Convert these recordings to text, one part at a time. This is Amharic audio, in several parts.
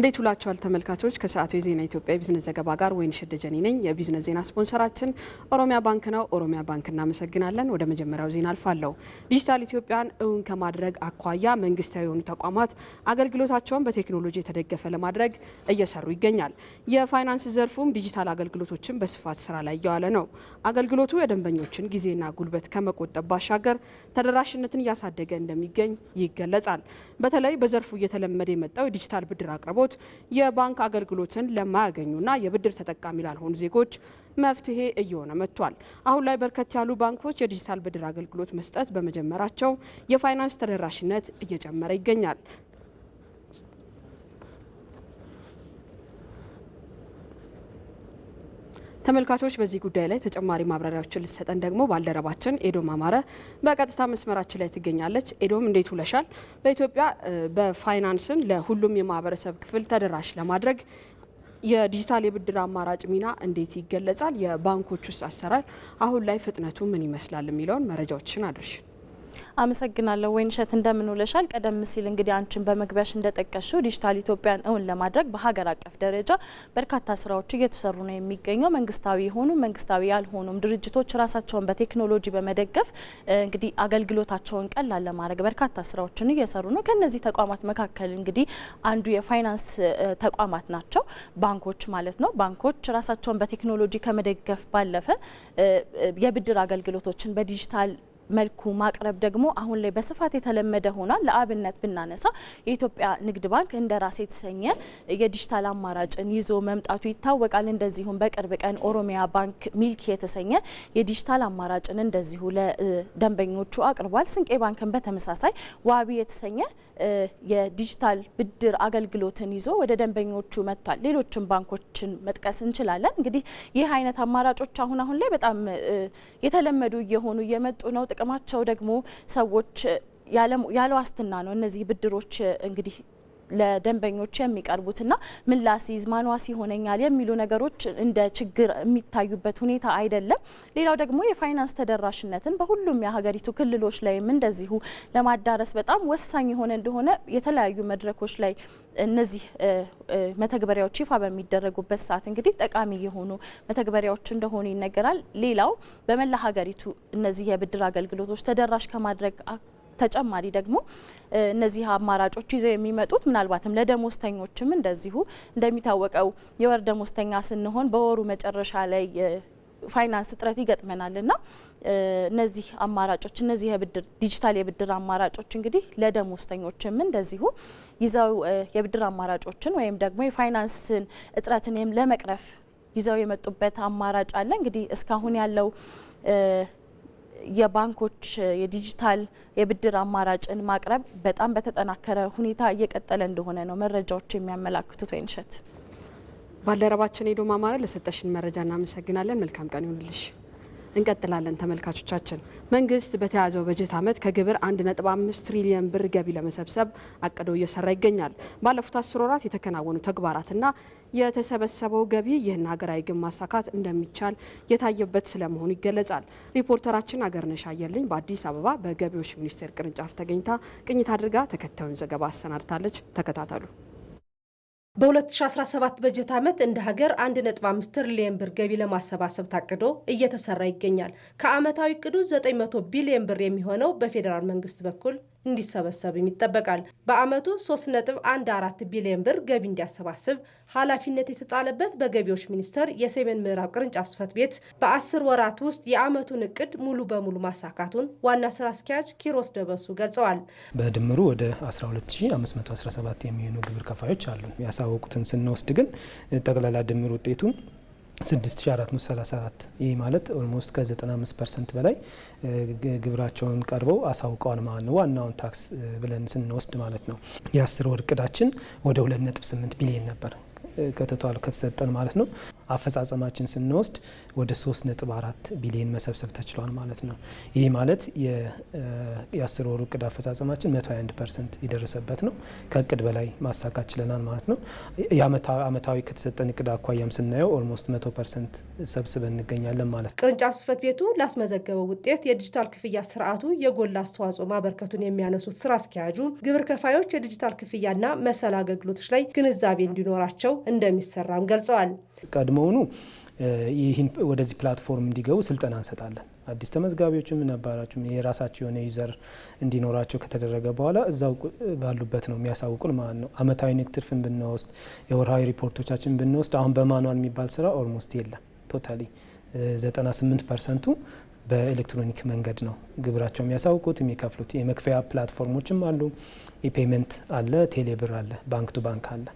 እንዴት ውላችኋል ተመልካቾች። ከሰዓቱ የዜና ኢትዮጵያ የቢዝነስ ዘገባ ጋር ወይን ሽደጀኒ ነኝ። የቢዝነስ ዜና ስፖንሰራችን ኦሮሚያ ባንክ ነው። ኦሮሚያ ባንክ እናመሰግናለን። ወደ መጀመሪያው ዜና አልፋለሁ። ዲጂታል ኢትዮጵያን እውን ከማድረግ አኳያ መንግስታዊ የሆኑ ተቋማት አገልግሎታቸውን በቴክኖሎጂ የተደገፈ ለማድረግ እየሰሩ ይገኛል። የፋይናንስ ዘርፉም ዲጂታል አገልግሎቶችን በስፋት ስራ ላይ እየዋለ ነው። አገልግሎቱ የደንበኞችን ጊዜና ጉልበት ከመቆጠብ ባሻገር ተደራሽነትን እያሳደገ እንደሚገኝ ይገለጻል። በተለይ በዘርፉ እየተለመደ የመጣው የዲጂታል ብድር አቅርቦት አገልግሎት የባንክ አገልግሎትን ለማያገኙና የብድር ተጠቃሚ ላልሆኑ ዜጎች መፍትሄ እየሆነ መጥቷል። አሁን ላይ በርከት ያሉ ባንኮች የዲጂታል ብድር አገልግሎት መስጠት በመጀመራቸው የፋይናንስ ተደራሽነት እየጨመረ ይገኛል። ተመልካቾች በዚህ ጉዳይ ላይ ተጨማሪ ማብራሪያዎችን ልትሰጠን ደግሞ ባልደረባችን ኤዶም አማረ በቀጥታ መስመራችን ላይ ትገኛለች። ኤዶም እንዴት ውለሻል? በኢትዮጵያ በፋይናንስን ለሁሉም የማህበረሰብ ክፍል ተደራሽ ለማድረግ የዲጂታል የብድር አማራጭ ሚና እንዴት ይገለጻል? የባንኮች ውስጥ አሰራር አሁን ላይ ፍጥነቱ ምን ይመስላል? የሚለውን መረጃዎችን አድርሽን። አመሰግናለሁ ወይንሸት፣ እንደምን ውለሻል? ቀደም ሲል እንግዲህ አንቺን በመግቢያሽ እንደጠቀሽው ዲጂታል ኢትዮጵያን እውን ለማድረግ በሀገር አቀፍ ደረጃ በርካታ ስራዎች እየተሰሩ ነው የሚገኘው። መንግስታዊ የሆኑ መንግስታዊ ያልሆኑም ድርጅቶች ራሳቸውን በቴክኖሎጂ በመደገፍ እንግዲህ አገልግሎታቸውን ቀላል ለማድረግ በርካታ ስራዎችን እየሰሩ ነው። ከነዚህ ተቋማት መካከል እንግዲህ አንዱ የፋይናንስ ተቋማት ናቸው፣ ባንኮች ማለት ነው። ባንኮች ራሳቸውን በቴክኖሎጂ ከመደገፍ ባለፈ የብድር አገልግሎቶችን በዲጂታል መልኩ ማቅረብ ደግሞ አሁን ላይ በስፋት የተለመደ ሆኗል። ለአብነት ብናነሳ የኢትዮጵያ ንግድ ባንክ እንደ ራሴ የተሰኘ የዲጂታል አማራጭን ይዞ መምጣቱ ይታወቃል። እንደዚሁም በቅርብ ቀን ኦሮሚያ ባንክ ሚልክ የተሰኘ የዲጂታል አማራጭን እንደዚሁ ለደንበኞቹ አቅርቧል። ስንቄ ባንክን በተመሳሳይ ዋቢ የተሰኘ የዲጂታል ብድር አገልግሎትን ይዞ ወደ ደንበኞቹ መጥቷል። ሌሎችን ባንኮችን መጥቀስ እንችላለን። እንግዲህ ይህ አይነት አማራጮች አሁን አሁን ላይ በጣም የተለመዱ እየሆኑ እየመጡ ነው። ጥቅማቸው ደግሞ ሰዎች ያለ ዋስትና ነው። እነዚህ ብድሮች እንግዲህ ለደንበኞች የሚቀርቡትና ምን ላስይዝ ማኗስ ይሆነኛል የሚሉ ነገሮች እንደ ችግር የሚታዩበት ሁኔታ አይደለም። ሌላው ደግሞ የፋይናንስ ተደራሽነትን በሁሉም የሀገሪቱ ክልሎች ላይም እንደዚሁ ለማዳረስ በጣም ወሳኝ የሆነ እንደሆነ የተለያዩ መድረኮች ላይ እነዚህ መተግበሪያዎች ይፋ በሚደረጉበት ሰዓት እንግዲህ ጠቃሚ የሆኑ መተግበሪያዎች እንደሆኑ ይነገራል። ሌላው በመላ ሀገሪቱ እነዚህ የብድር አገልግሎቶች ተደራሽ ከማድረግ ተጨማሪ ደግሞ እነዚህ አማራጮች ይዘው የሚመጡት ምናልባትም ለደሞዝተኞችም እንደዚሁ እንደሚታወቀው የወር ደሞዝተኛ ስንሆን በወሩ መጨረሻ ላይ ፋይናንስ እጥረት ይገጥመናል እና እነዚህ አማራጮች እነዚህ የብድር ዲጂታል የብድር አማራጮች እንግዲህ ለደሞዝተኞችም እንደዚሁ ይዘው የብድር አማራጮችን ወይም ደግሞ የፋይናንስን እጥረትን ለመቅረፍ ይዘው የመጡበት አማራጭ አለ። እንግዲህ እስካሁን ያለው የባንኮች የዲጂታል የብድር አማራጭን ማቅረብ በጣም በተጠናከረ ሁኔታ እየቀጠለ እንደሆነ ነው መረጃዎች የሚያመላክቱት። ወይንሸት ባልደረባችን ሄዶ ማማረ ለሰጠሽን መረጃ እናመሰግናለን። መልካም ቀን ይሁንልሽ። እንቀጥላለን ተመልካቾቻችን። መንግስት በተያዘው በጀት ዓመት ከግብር 1.5 ትሪሊዮን ብር ገቢ ለመሰብሰብ አቅዶ እየሰራ ይገኛል። ባለፉት አስር ወራት የተከናወኑ ተግባራትና የተሰበሰበው ገቢ ይህን ሀገራዊ ግብ ማሳካት እንደሚቻል የታየበት ስለመሆኑ ይገለጻል። ሪፖርተራችን አገርነሽ አየልኝ በአዲስ አበባ በገቢዎች ሚኒስቴር ቅርንጫፍ ተገኝታ ቅኝት አድርጋ ተከታዩን ዘገባ አሰናድታለች። ተከታተሉ። በ2017 በጀት ዓመት እንደ ሀገር 1.5 ትሪሊየን ብር ገቢ ለማሰባሰብ ታቅዶ እየተሰራ ይገኛል። ከዓመታዊ እቅዱ 900 ቢሊየን ብር የሚሆነው በፌዴራል መንግስት በኩል እንዲሰበሰብም ይጠበቃል። በዓመቱ 3.14 ቢሊዮን ብር ገቢ እንዲያሰባስብ ኃላፊነት የተጣለበት በገቢዎች ሚኒስቴር የሰሜን ምዕራብ ቅርንጫፍ ጽሕፈት ቤት በአስር ወራት ውስጥ የዓመቱን እቅድ ሙሉ በሙሉ ማሳካቱን ዋና ስራ አስኪያጅ ኪሮስ ደበሱ ገልጸዋል። በድምሩ ወደ 12517 የሚሆኑ ግብር ከፋዮች አሉ። ያሳወቁትን ስንወስድ ግን ጠቅላላ ድምር ውጤቱን 6434 ይህ ማለት ኦልሞስት ከ95 ፐርሰንት በላይ ግብራቸውን ቀርበው አሳውቀዋል ማለት ነው። ዋናውን ታክስ ብለን ስንወስድ ማለት ነው። የአስር ወር እቅዳችን ወደ 2.8 ቢሊዮን ነበር። ከተቷል ከተሰጠን ማለት ነው። አፈጻጸማችን ስንወስድ ወደ 3.4 ቢሊዮን መሰብሰብ ተችሏል ማለት ነው። ይህ ማለት የአስር ወሩ እቅድ አፈጻጸማችን 121 ፐርሰንት የደረሰበት ነው። ከእቅድ በላይ ማሳካት ችለናል ማለት ነው። የአመታዊ ከተሰጠን እቅድ አኳያም ስናየው ኦልሞስት 100 ፐርሰንት ሰብስበን እንገኛለን ማለት ነው። ቅርንጫፍ ጽህፈት ቤቱ ላስመዘገበው ውጤት የዲጂታል ክፍያ ስርዓቱ የጎላ አስተዋጽኦ ማበርከቱን የሚያነሱት ስራ አስኪያጁ ግብር ከፋዮች የዲጂታል ክፍያና መሰል አገልግሎቶች ላይ ግንዛቤ እንዲኖራቸው እንደሚሰራም ገልጸዋል። ቀድሞውኑ ይህን ወደዚህ ፕላትፎርም እንዲገቡ ስልጠና እንሰጣለን። አዲስ ተመዝጋቢዎችም ነበራችሁም የራሳቸው የሆነ ዩዘር እንዲኖራቸው ከተደረገ በኋላ እዛው ባሉበት ነው የሚያሳውቁን ማለት ነው። አመታዊ ንግድ ትርፍን ብንወስድ፣ የወርሃዊ ሪፖርቶቻችን ብንወስድ አሁን በማኗል የሚባል ስራ ኦልሞስት የለም። ቶታሊ 98 ፐርሰንቱ በኤሌክትሮኒክ መንገድ ነው ግብራቸው የሚያሳውቁት የሚከፍሉት። የመክፈያ ፕላትፎርሞችም አሉ። ኢፔመንት አለ፣ ቴሌብር አለ፣ ባንክ ቱ ባንክ አለ።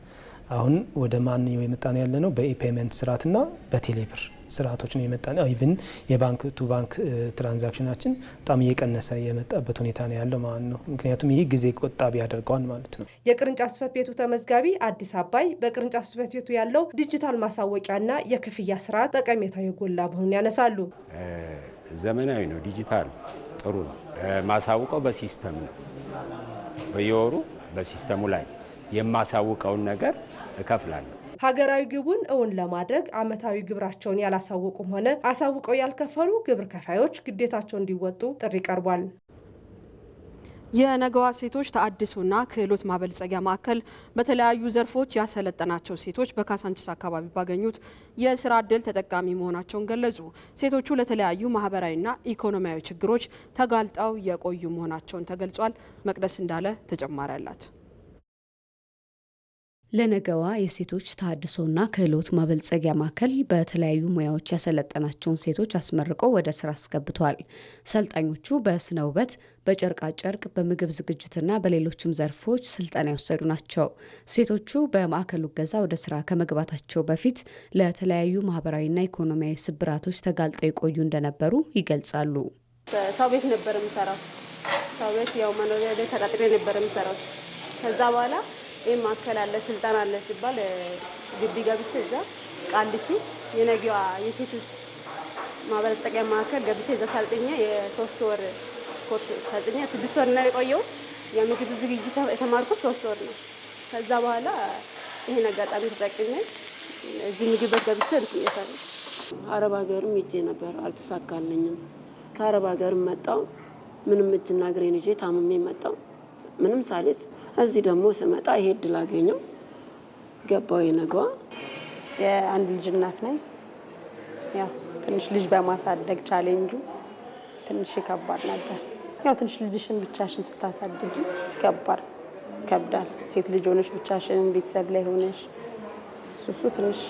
አሁን ወደ ማንኛው የመጣነው ያለ ነው በኢፔመንት ስርዓትና በቴሌብር ስርዓቶች ነው የመጣነው። ኢቭን የባንክ ቱ ባንክ ትራንዛክሽናችን በጣም እየቀነሰ የመጣበት ሁኔታ ነው ያለው ማለት ነው። ምክንያቱም ይህ ጊዜ ቆጣቢ ያደርገዋል ማለት ነው። የቅርንጫፍ ጽህፈት ቤቱ ተመዝጋቢ አዲስ አባይ በቅርንጫፍ ጽህፈት ቤቱ ያለው ዲጂታል ማሳወቂያና የክፍያ ስርዓት ጠቀሜታው የጎላ መሆኑን ያነሳሉ። ዘመናዊ ነው፣ ዲጂታል ጥሩ ነው። ማሳውቀው በሲስተም ነው በየወሩ በሲስተሙ ላይ የማሳውቀውን ነገር እከፍላለሁ። ሀገራዊ ግቡን እውን ለማድረግ ዓመታዊ ግብራቸውን ያላሳወቁም ሆነ አሳውቀው ያልከፈሉ ግብር ከፋዮች ግዴታቸው እንዲወጡ ጥሪ ቀርቧል። የነገዋ ሴቶች ተአድሶና ክህሎት ማበልጸጊያ ማዕከል በተለያዩ ዘርፎች ያሰለጠናቸው ሴቶች በካሳንችስ አካባቢ ባገኙት የስራ እድል ተጠቃሚ መሆናቸውን ገለጹ። ሴቶቹ ለተለያዩ ማህበራዊና ኢኮኖሚያዊ ችግሮች ተጋልጠው የቆዩ መሆናቸውን ተገልጿል። መቅደስ እንዳለ ተጨማሪ አላት። ለነገዋ የሴቶች ተሃድሶና ክህሎት ማበልጸጊያ ማዕከል በተለያዩ ሙያዎች ያሰለጠናቸውን ሴቶች አስመርቆ ወደ ስራ አስገብቷል። ሰልጣኞቹ በስነ ውበት፣ በጨርቃ ጨርቅ፣ በምግብ ዝግጅትና በሌሎችም ዘርፎች ስልጠና የወሰዱ ናቸው። ሴቶቹ በማዕከሉ ገዛ ወደ ስራ ከመግባታቸው በፊት ለተለያዩ ማህበራዊና ኢኮኖሚያዊ ስብራቶች ተጋልጠው የቆዩ እንደነበሩ ይገልጻሉ። ሰው ቤት ነበር የምሰራው። ሰው ቤት ያው መኖሪያ ቤት ተቀጥሬ ነበር የምሰራው። ከዛ በኋላ ይህ ማዕከል አለ ስልጠና አለ ሲባል ግቢ ገብቼ እዛ ቃልቲ የነገዋ የሴቶች ማበለጸቂያ ማዕከል ገብቼ እዛ ሰልጥኜ የሶስት ወር ኮርስ ሰልጥኜ ስድስት ወር ነው የቆየው። የምግብ ዝግጅት የተማርኩት ሶስት ወር ነው። ከዛ በኋላ ይሄን አጋጣሚ ተጠቅሜ እዚህ ምግብ ቤት ገብቼ ልስሜታል። አረብ ሀገርም ሄጄ ነበር አልተሳካልኝም። ከአረብ ሀገርም መጣው ምንም እጅና እግሬን ይዤ ታምሜ መጣው ምንም ሳልስ እዚህ ደግሞ ስመጣ ይሄ እድል አገኘው ገባው የነገዋ የአንድ ልጅ እናት ነኝ። ያው ትንሽ ልጅ በማሳደግ ቻሌንጁ ትንሽ ይከባድ ነበር። ያው ትንሽ ልጅሽን ብቻሽን ስታሳድጊ ከባድ ይከብዳል። ሴት ልጅ ሆነሽ ብቻሽን ቤተሰብ ላይ ሆነሽ ሱሱ ትንሽ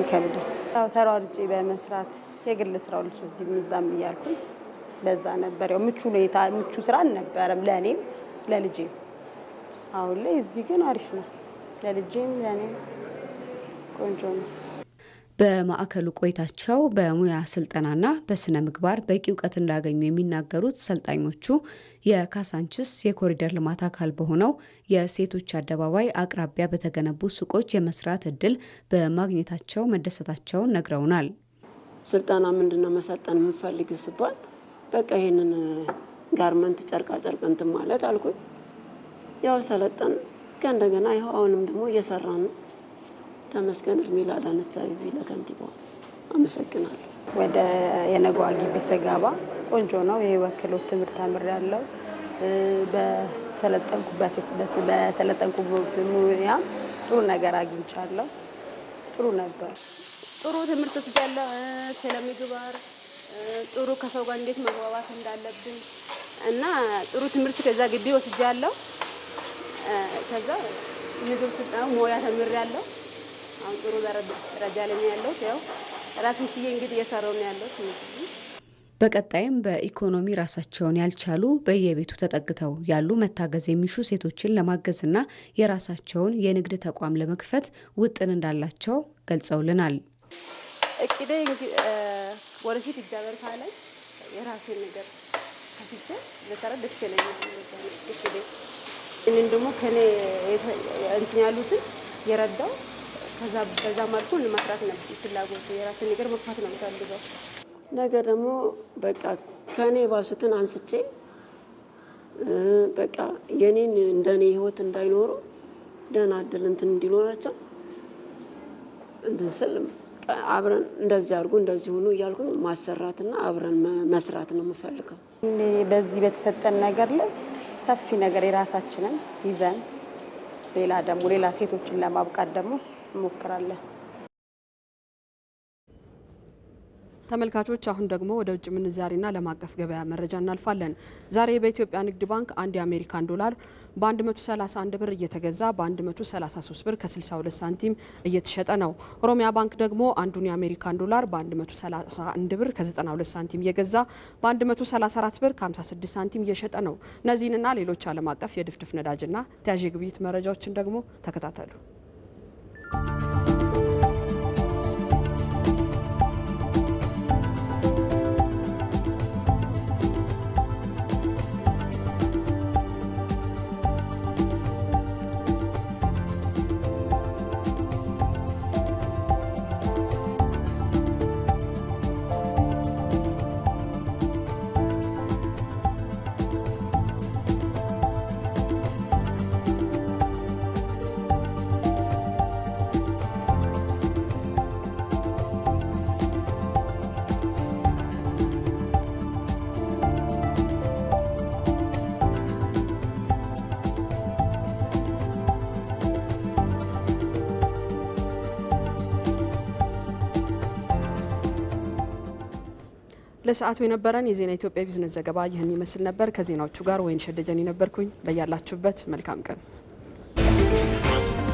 ይከብዳል። ያው ተሯርጬ በመስራት የግል ስራዎች እዚህም እዛም እያልኩኝ በዛ ነበር። ያው ምቹ ሁኔታ ምቹ ስራ አልነበረም ለእኔም ለልጄም አሁን ላይ እዚህ ግን አሪፍ ነው። ለልጄም ለእኔም ቆንጆ ነው። በማዕከሉ ቆይታቸው በሙያ ስልጠናና በስነ ምግባር በቂ እውቀት እንዳገኙ የሚናገሩት ሰልጣኞቹ የካሳንችስ የኮሪደር ልማት አካል በሆነው የሴቶች አደባባይ አቅራቢያ በተገነቡ ሱቆች የመስራት እድል በማግኘታቸው መደሰታቸውን ነግረውናል። ስልጠና ምንድነው መሰልጠን የምንፈልግ ስባል በቃ ይህንን ጋርመንት ጨርቃ ጨርቅ እንትን ማለት አልኩኝ ያው ሰለጠን ከእንደገና ይኸው አሁንም ደግሞ እየሰራ ነው። ተመስገን እድሜ ለአዳነች አቤቤ ለከንቲባዋ አመሰግናለሁ። ወደ የነገዋ ግቢ ስገባ ቆንጆ ነው። የህይወት ክህሎት ትምህርት ተምሬያለሁ። በሰለጠንኩበት ሙያ ጥሩ ነገር አግኝቻለሁ። ጥሩ ነበር። ጥሩ ትምህርት ወስጃለሁ። ስለ ምግባር ጥሩ ከሰው ጋር እንዴት መግባባት እንዳለብን እና ጥሩ ትምህርት ከዛ ግቢ ወስጃለሁ። ከዛ ምግብ ስልጠና ሞያ ተምሬያለሁ። አሁን ጥሩ ደረጃ ላይ ነው ያለሁት። ያው ራሴን ችዬ እንግዲህ እየሰራሁ ነው ያለሁት። በቀጣይም በኢኮኖሚ ራሳቸውን ያልቻሉ በየቤቱ ተጠግተው ያሉ መታገዝ የሚሹ ሴቶችን ለማገዝና የራሳቸውን የንግድ ተቋም ለመክፈት ውጥን እንዳላቸው ገልጸውልናል። እቅዴ ወደፊት ይጋበር ካለ የራሴን ነገር ከፊት ለሰራ ደስ ይለኛል። እኔን ደግሞ ከኔ እንትን ያሉትን የረዳው ከዛ በዛ መልኩ መስራት ነው ፍላጎቱ። የራስን ነገር መግፋት ነው የምፈልገው። ነገ ደግሞ በቃ ከኔ የባሱትን አንስቼ በቃ የኔን እንደኔ ህይወት እንዳይኖሩ ደህና እድል እንትን እንዲኖራቸው እንትን ስል አብረን እንደዚህ አድርጉ እንደዚህ ሆኑ እያልኩኝ ማሰራትና አብረን መስራት ነው የምፈልገው በዚህ በተሰጠን ነገር ላይ ሰፊ ነገር የራሳችንን ይዘን ሌላ ደግሞ ሌላ ሴቶችን ለማብቃት ደግሞ እንሞክራለን። ተመልካቾች አሁን ደግሞ ወደ ውጭ ምንዛሬና ዓለም አቀፍ ገበያ መረጃ እናልፋለን። ዛሬ በኢትዮጵያ ንግድ ባንክ አንድ የአሜሪካን ዶላር በ131 ብር እየተገዛ በ133 ብር ከ62 ሳንቲም እየተሸጠ ነው። ኦሮሚያ ባንክ ደግሞ አንዱን የአሜሪካን ዶላር በ131 ብር ከ92 ሳንቲም እየገዛ በ134 ብር ከ56 ሳንቲም እየሸጠ ነው። እነዚህንና ሌሎች ዓለም አቀፍ የድፍድፍ ነዳጅና ተያዥ ግብይት መረጃዎችን ደግሞ ተከታተሉ። ለሰዓቱ የነበረን የዜና ኢትዮጵያ ቢዝነስ ዘገባ ይህን ይመስል ነበር። ከዜናዎቹ ጋር ወይን ሸደጀን የነበርኩኝ። በያላችሁበት መልካም ቀን